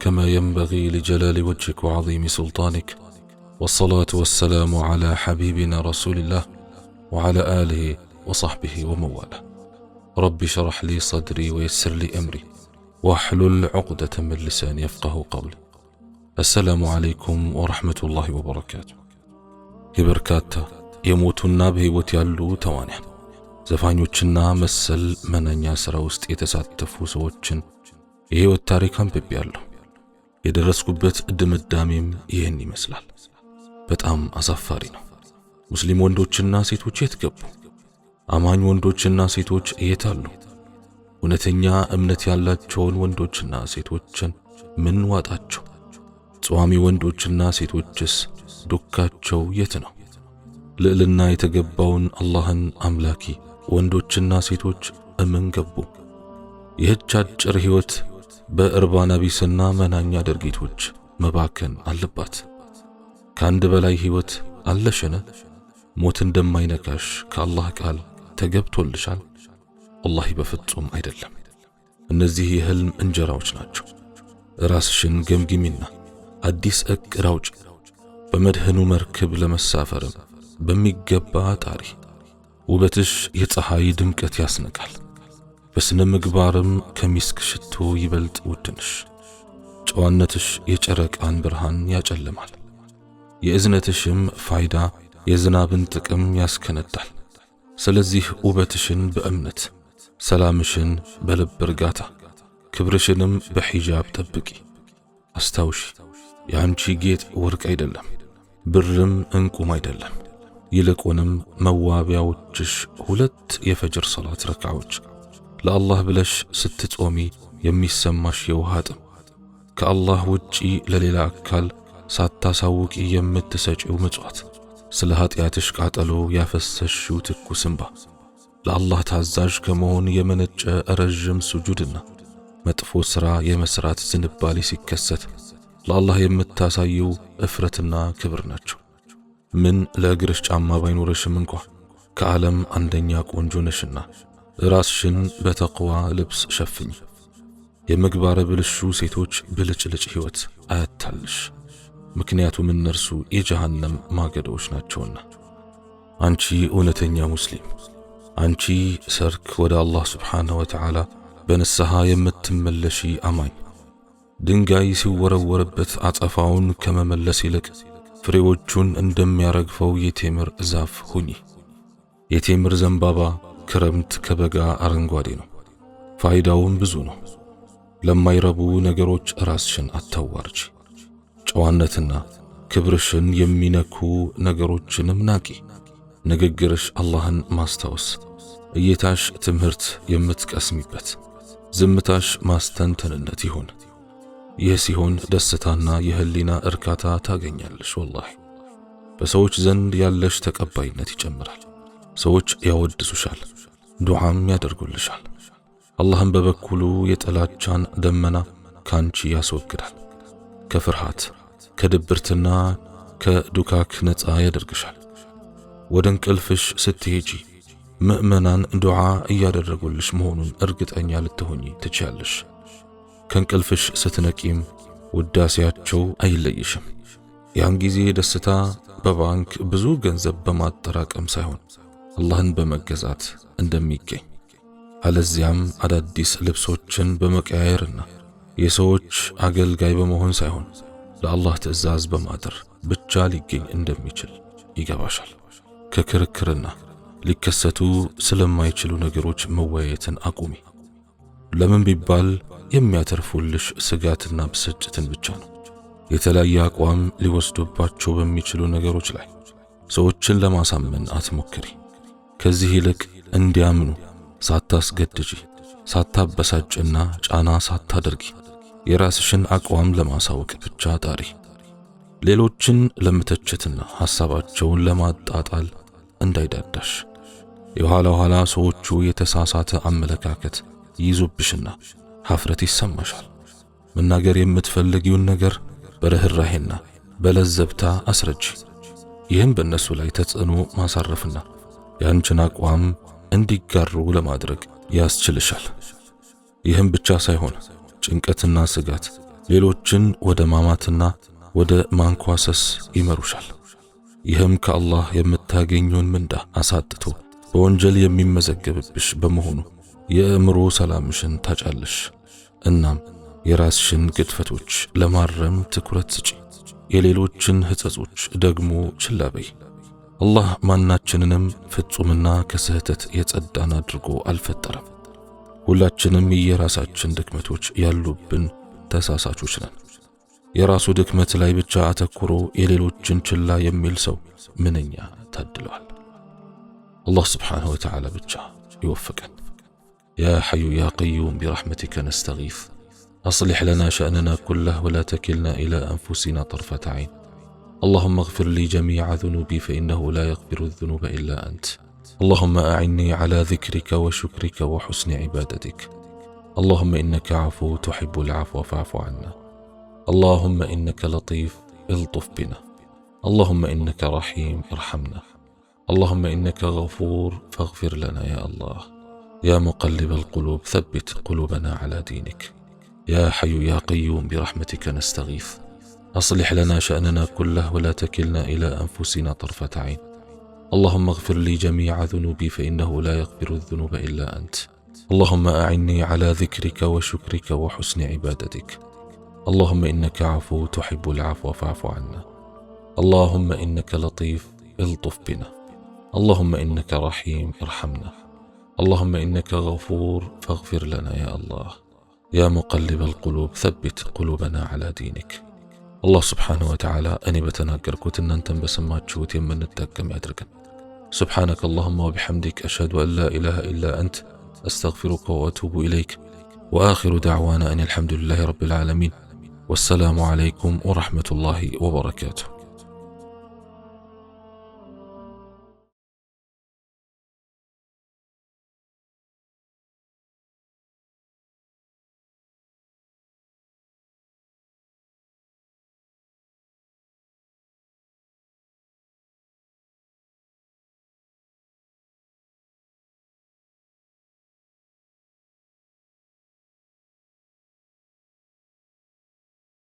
كما ينبغي لجلال وجهك وعظيم سلطانك والصلاة والسلام على حبيبنا رسول الله وعلى آله وصحبه ومواله رب شرح لي صدري ويسر لي أمري واحلل عقدة من لساني يفقه قولي السلام عليكم ورحمة الله وبركاته هبركاتا يموت وتيالو توانح زفان ያሉ مسل من أن መነኛ ሥራ ውስጥ የተሳተፉ يهو التاريخ هم ببيالو የደረስኩበት ድምዳሜም ይህን ይመስላል። በጣም አሳፋሪ ነው። ሙስሊም ወንዶችና ሴቶች የት ገቡ? አማኝ ወንዶችና ሴቶች የት አሉ? እውነተኛ እምነት ያላቸውን ወንዶችና ሴቶችን ምን ዋጣቸው? ጸዋሚ ወንዶችና ሴቶችስ ዱካቸው የት ነው? ልዕልና የተገባውን አላህን አምላኪ ወንዶችና ሴቶች እምን ገቡ? ይህች አጭር ሕይወት በእርባና ቢስና መናኛ ድርጊቶች መባከን አለባት። ከአንድ በላይ ሕይወት አለሽነ? ሞት እንደማይነካሽ ከአላህ ቃል ተገብቶልሻል? ወላሂ በፍጹም አይደለም። እነዚህ የህልም እንጀራዎች ናቸው። ራስሽን ገምግሚና አዲስ እቅድ አውጪ። በመድህኑ መርከብ ለመሳፈርም በሚገባ ጣሪ። ውበትሽ የፀሐይ ድምቀት ያስነቃል። በስነ ምግባርም ከሚስክ ሽቶ ይበልጥ ውድንሽ። ጨዋነትሽ የጨረቃን ብርሃን ያጨልማል፣ የእዝነትሽም ፋይዳ የዝናብን ጥቅም ያስከነዳል። ስለዚህ ውበትሽን በእምነት ሰላምሽን በልብ እርጋታ ክብርሽንም በሒጃብ ጠብቂ። አስታውሺ የአንቺ ጌጥ ወርቅ አይደለም፣ ብርም እንቁም አይደለም። ይልቁንም መዋቢያዎችሽ ሁለት የፈጅር ሰላት ረካዎች ለአላህ ብለሽ ስትጾሚ የሚሰማሽ የውሃ ጥም፣ ከአላህ ውጪ ለሌላ አካል ሳታሳውቂ የምትሰጪው ምጽዋት፣ ስለ ኀጢአትሽ ቃጠሎ ያፈሰሽው ትኩስ እንባ፣ ለአላህ ታዛዥ ከመሆን የመነጨ ረዥም ስጁድና መጥፎ ሥራ የመሥራት ዝንባሌ ሲከሰት ለአላህ የምታሳየው እፍረትና ክብር ናቸው። ምን ለእግርሽ ጫማ ባይኖረሽም እንኳ ከዓለም አንደኛ ቆንጆ ነሽና ራስሽን በተቅዋ ልብስ ሸፍኝ። የምግባረ ብልሹ ሴቶች ብልጭልጭ ሕይወት አያታልሽ፣ ምክንያቱም እነርሱ የጀሃነም ማገዶች ናቸውና። አንቺ እውነተኛ ሙስሊም፣ አንቺ ሰርክ ወደ አላህ ስብሓንሁ ወተዓላ በንስሐ የምትመለሺ አማኝ፣ ድንጋይ ሲወረወርበት አጸፋውን ከመመለስ ይልቅ ፍሬዎቹን እንደሚያረግፈው የቴምር ዛፍ ሁኚ። የቴምር ዘንባባ ክረምት ከበጋ አረንጓዴ ነው። ፋይዳውም ብዙ ነው። ለማይረቡ ነገሮች ራስሽን አታዋርጂ። ጨዋነትና ክብርሽን የሚነኩ ነገሮችንም ናቂ። ንግግርሽ አላህን ማስታወስ፣ እይታሽ ትምህርት የምትቀስሚበት፣ ዝምታሽ ማስተንተንነት ይሁን። ይህ ሲሆን ደስታና የህሊና እርካታ ታገኛለሽ። ወላሂ በሰዎች ዘንድ ያለሽ ተቀባይነት ይጨምራል። ሰዎች ያወድሱሻል። ዱዓም ያደርጉልሻል። አላህም በበኩሉ የጥላቻን ደመና ካንቺ ያስወግዳል። ከፍርሃት ከድብርትና ከዱካክ ነፃ ያደርግሻል። ወደ እንቅልፍሽ ስትሄጂ ምእመናን ዱዓ እያደረጉልሽ መሆኑን እርግጠኛ ልትሆኚ ትችያለሽ። ከእንቅልፍሽ ስትነቂም ውዳሴያቸው አይለይሽም። ያን ጊዜ ደስታ በባንክ ብዙ ገንዘብ በማጠራቀም ሳይሆን አላህን በመገዛት እንደሚገኝ አለዚያም አዳዲስ ልብሶችን በመቀያየርና የሰዎች አገልጋይ በመሆን ሳይሆን ለአላህ ትዕዛዝ በማደር ብቻ ሊገኝ እንደሚችል ይገባሻል። ከክርክርና ሊከሰቱ ስለማይችሉ ነገሮች መወያየትን አቁሚ። ለምን ቢባል የሚያተርፉልሽ ስጋትና ብስጭትን ብቻ ነው። የተለያየ አቋም ሊወስዱባቸው በሚችሉ ነገሮች ላይ ሰዎችን ለማሳመን አትሞክሪ። ከዚህ ይልቅ እንዲያምኑ ሳታስገድጂ፣ ሳታበሳጭና ጫና ሳታደርጊ የራስሽን አቋም ለማሳወቅ ብቻ ጣሪ። ሌሎችን ለመተቸትና ሐሳባቸውን ለማጣጣል እንዳይዳዳሽ። የኋላ ኋላ ሰዎቹ የተሳሳተ አመለካከት ይይዙብሽና ሐፍረት ይሰማሻል። መናገር የምትፈልጊውን ነገር በርኅራሄና በለዘብታ አስረጂ። ይህም በእነሱ ላይ ተጽዕኖ ማሳረፍና ያንችን አቋም እንዲጋሩ ለማድረግ ያስችልሻል። ይህም ብቻ ሳይሆን ጭንቀትና ስጋት ሌሎችን ወደ ማማትና ወደ ማንኳሰስ ይመሩሻል። ይህም ከአላህ የምታገኘውን ምንዳ አሳጥቶ በወንጀል የሚመዘገብብሽ በመሆኑ የእምሮ ሰላምሽን ታጫለሽ። እናም የራስሽን ግድፈቶች ለማረም ትኩረት ስጪ፣ የሌሎችን ሕጸጾች ደግሞ ችላ በይ። አላህ ማናችንንም ፍጹምና ከስህተት የጸዳን አድርጎ አልፈጠረም። ሁላችንም የየራሳችን ድክመቶች ያሉብን ተሳሳቾች ነን። የራሱ ድክመት ላይ ብቻ አተኩሮ የሌሎችን ችላ የሚል ሰው ምንኛ ታድለዋል። አላህ ስብሓንሁ ወተዓላ ብቻ ይወፍቀን። ያ ሐዩ ያ ቀዩም ቢራሕመቲከ ነስተጊፍ አስሊሕ ለና ሸእንና ኩላህ ወላ ተኪልና ኢላ አንፉሲና ጠርፈተ ዐይን اللهم اغفر لي جميع ذنوبي فإنه لا يغفر الذنوب إلا أنت اللهم أعني على ذكرك وشكرك وحسن عبادتك اللهم إنك عفو تحب العفو فاعف عنا اللهم إنك لطيف الطف بنا اللهم إنك رحيم ارحمنا اللهم إنك غفور فاغفر لنا يا الله يا مقلب القلوب ثبت قلوبنا على دينك يا حي يا قيوم برحمتك نستغيث أصلح لنا شأننا كله ولا تكلنا إلى أنفسنا طرفة عين اللهم اغفر لي جميع ذنوبي فإنه لا يغفر الذنوب إلا أنت اللهم أعني على ذكرك وشكرك وحسن عبادتك اللهم إنك عفو تحب العفو فاعف عنا اللهم إنك لطيف الطف بنا اللهم إنك رحيم ارحمنا اللهم إنك غفور فاغفر لنا يا الله يا مقلب القلوب ثبت قلوبنا على دينك አላህ ስብሓንሁ ወተዓላ እኔ በተናገርኩት እናንተን በሰማችሁት التكم ያድርገን። سبحانك اللهم وبحمدك أشهد أن لا إله إلا أنت أستغفرك وأتوب إليك وآخر دعوانا أن الحمد لله رب العالمين والسلام عليكم ورحمة الله وبركاته